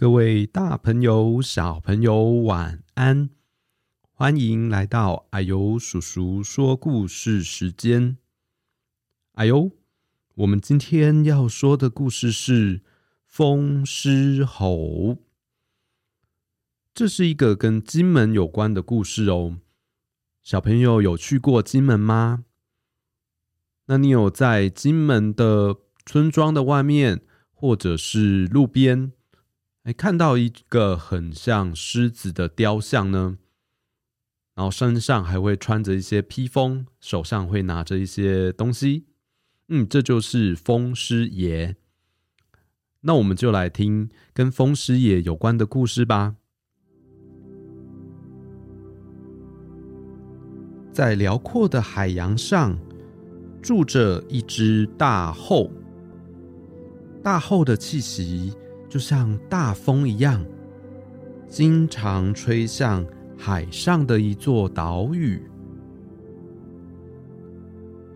各位大朋友、小朋友，晚安！歡迎來到啊呦叔叔說故事時間。啊呦，我們今天要說的故事是《風獅吼》，這是一個跟金門有關的故事哦。小朋友有去過金門嗎？那你有在金門的村莊的外面，或者是路邊，看到一個很像獅子的雕像呢，然後身上還會穿着一些披風，手上會拿着一些東西。嗯，這就是風獅爺。那我們就來聽跟風獅爺有關的故事吧。在遼闊的海洋上，住着一隻大鱟，大鱟的氣息，就像大風一樣，經常吹向海上的一座島嶼。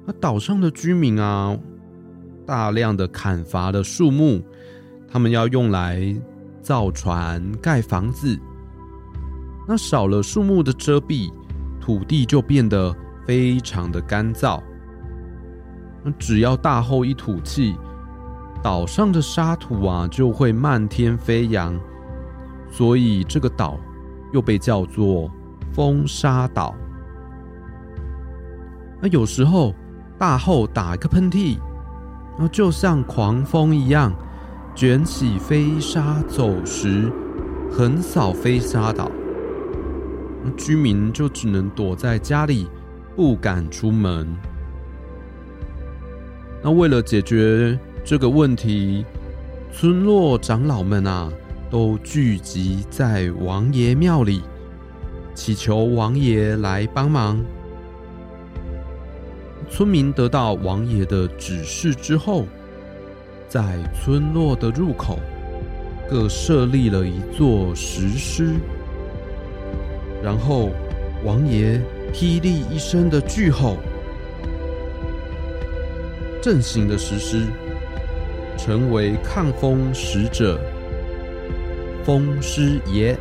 那島上的居民啊，大量的砍伐的樹木，他們要用來造船、蓋房子。那少了樹木的遮蔽，土地就變得非常的乾燥。那只要大吼一吐氣。島上的沙土啊，就會漫天飛揚，所以這個島又被叫做風沙島。那有時候大後打一個噴嚏，然後就像狂風一樣，捲起飛沙走石，橫掃飛沙島，居民就只能躲在家裡，不敢出門。那為了解決。這個問題，村落長老們啊，都聚集在王爺廟裡，祈求王爺來幫忙。村民得到王爺的指示之後，在村落的入口各設立了一座石獅，然後王爺霹靂一聲的巨吼，陣型的石獅。成為抗風使者，風獅爺。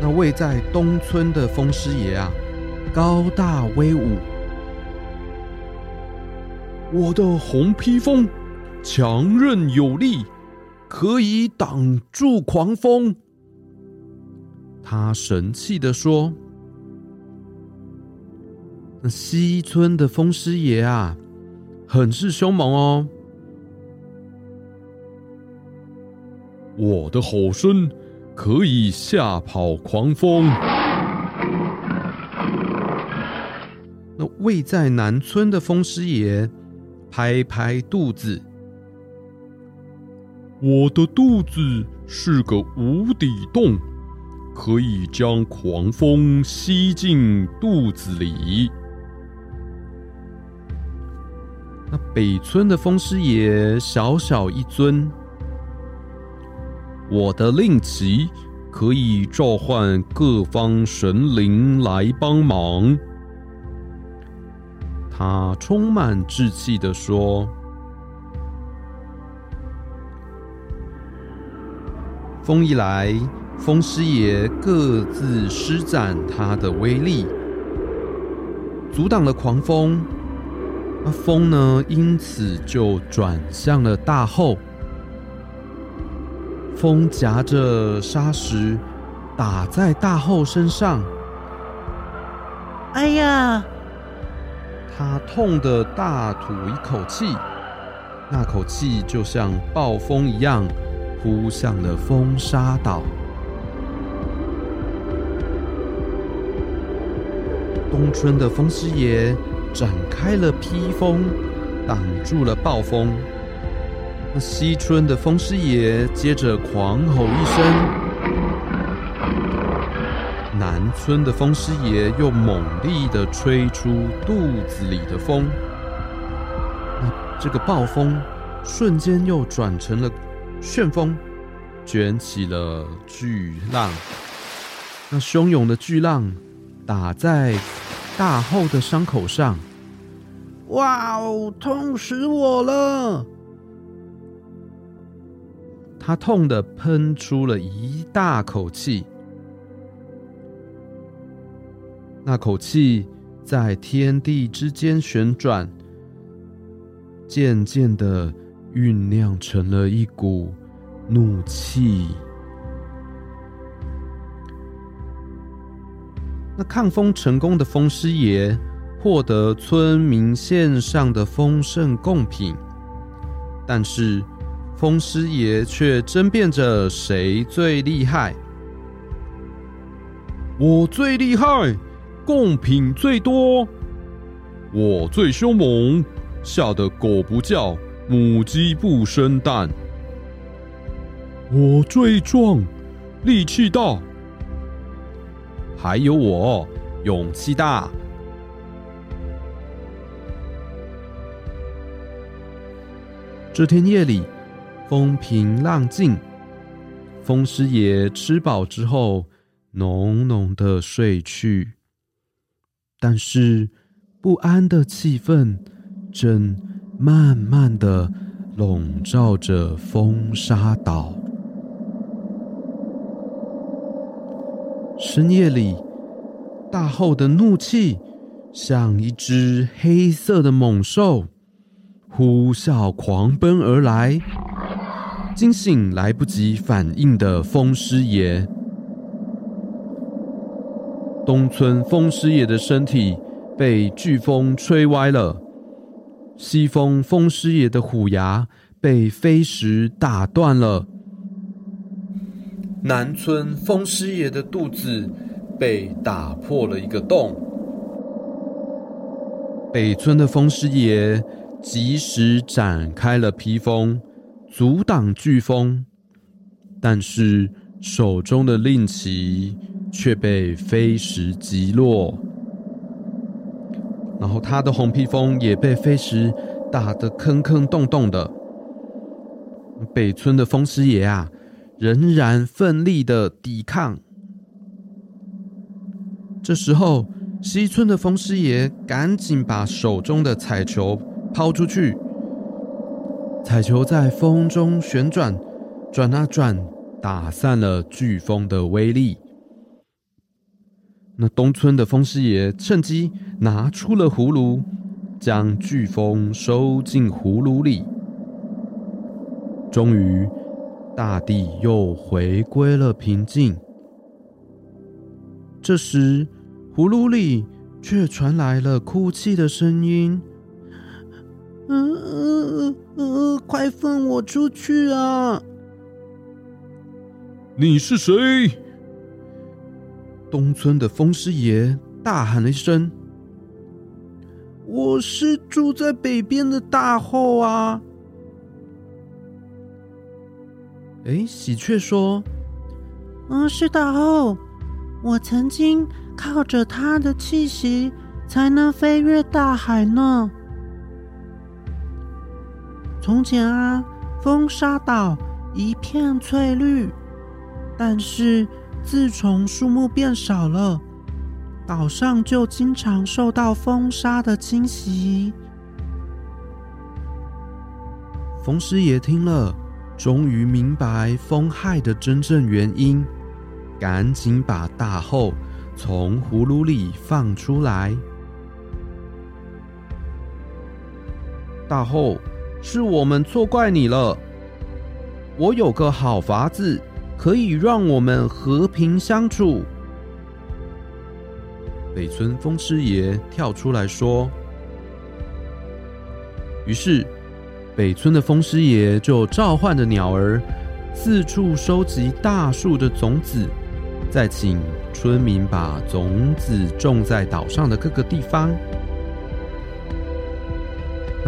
那位在東村的風獅爺啊，高大威武。我的紅披風，強韌有力，可以擋住狂風。他神氣地說。那西村的風獅爺啊，很是兇猛哦。我的吼聲可以嚇跑狂風。 那位在南村的風獅爺拍拍肚子，我的肚子是個無底洞，可以將狂風吸進肚子裡。北村的風獅爺，小小一尊，我的令旗可以召喚各方神靈來幫忙。他充滿志氣地說：“風一來，風獅爺各自施展他的威力，阻擋了狂風。”風呢？因此就轉向了大鱟。風夾着沙石，打在大鱟身上。哎呀！他痛得大吐一口氣，那口氣就像暴風一樣，撲向了風沙島。冬春的風獅爺，展開了披風，擋住了暴風。那西村的風獅爺接着狂吼一聲，南村的風獅爺又猛力的吹出肚子裡的風。那這個暴風瞬間又轉成了旋風，捲起了巨浪。那洶湧的巨浪打在大鱟的傷口上。哇哦，wow，痛死我了！他痛得噴出了一大口氣，那口氣在天地之間旋轉，漸漸的醞釀成了一股怒氣。那抗風成功的風獅爺。獲得村民獻上的豐盛貢品，但是風獅爺卻爭辯着誰最厲害。我最厲害，貢品最多。我最凶猛，嚇得狗不叫，母雞不生蛋。我最壯，力氣大。還有我，勇氣大。這天夜裡，風平浪靜。風獅爺吃飽之後，濃濃的睡去。但是，不安的氣氛正慢慢的籠罩着風沙島。深夜裡，大後的怒氣像一只黑色的猛獸。呼嘯狂奔而來，驚醒來不及反應的風獅爺。東村風獅爺的身體被颶風吹歪了，西風風獅爺的虎牙被飛石打斷了，南村風獅爺的肚子被打破了一個洞，北村的風獅爺。及時展開了披風，阻擋颶風，但是手中的令旗卻被飛石擊落，然後他的紅披風也被飛石打得坑坑洞洞的。北村的風獅爺啊，仍然奮力的抵抗。這時候，西村的風獅爺趕緊把手中的彩球，拋出去，彩球在風中旋轉，轉啊轉，打散了颶風的威力。那東村的風獅爺趁機拿出了葫蘆，將颶風收進葫蘆裡。終於，大地又回歸了平靜。這時，葫蘆裡卻傳來了哭泣的聲音。嗯嗯嗯嗯，快放我出去啊！你是誰？東村的風獅爺大喊了一聲：“我是住在北邊的大鱟啊！”哎，喜鵲說：“嗯、呃，是大鱟、哦，我曾經靠着他的氣息才能飛越大海呢。”從前啊，風沙島一片翠綠，但是自從樹木變少了，島上就經常受到風沙的侵襲。風獅爺聽了，終於明白風害的真正原因，趕緊把大鱟從葫蘆裡放出來。大鱟。是我們錯怪你了。我有個好法子，可以讓我們和平相處。北村風獅爺跳出來說。於是，北村的風獅爺就召喚着鳥兒，四處收集大樹的種子，再請村民把種子種在島上的各個地方。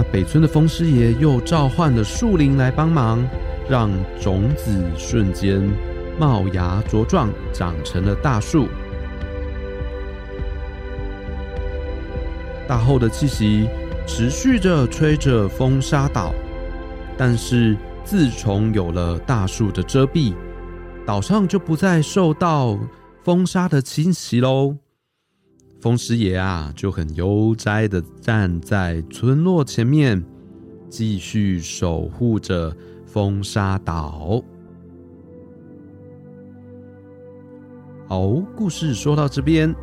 北村的風獅爺又召喚了樹林來幫忙，讓種子瞬間冒芽茁壯，長成了大樹。大吼的氣息持續着吹着風沙島，但是自從有了大樹的遮蔽，島上就不再受到風沙的侵襲嘍。風獅爺啊，就很悠哉的站在村落前面，繼續守護着風沙島。哦、oh，故事說到這邊，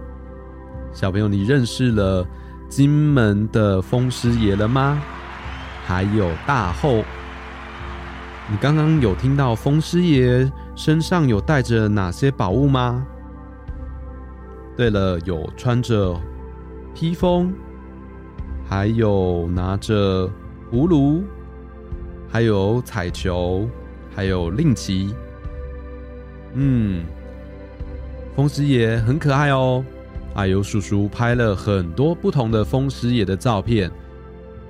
小朋友，你認識了金門的風獅爺了嗎？還有大鱟，你剛剛有聽到風獅爺身上有帶着哪些寶物嗎？對了，有穿着披風，還有拿着葫蘆，還有彩球，還有令旗。嗯，風獅爺很可愛哦。啊呦叔叔拍了很多不同的風獅爺的照片，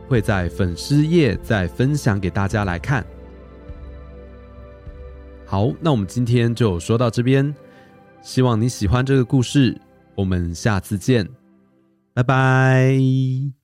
會在粉絲頁再分享給大家來看。好，那我們今天就說到這邊，希望你喜歡這個故事。我們下次見，拜拜。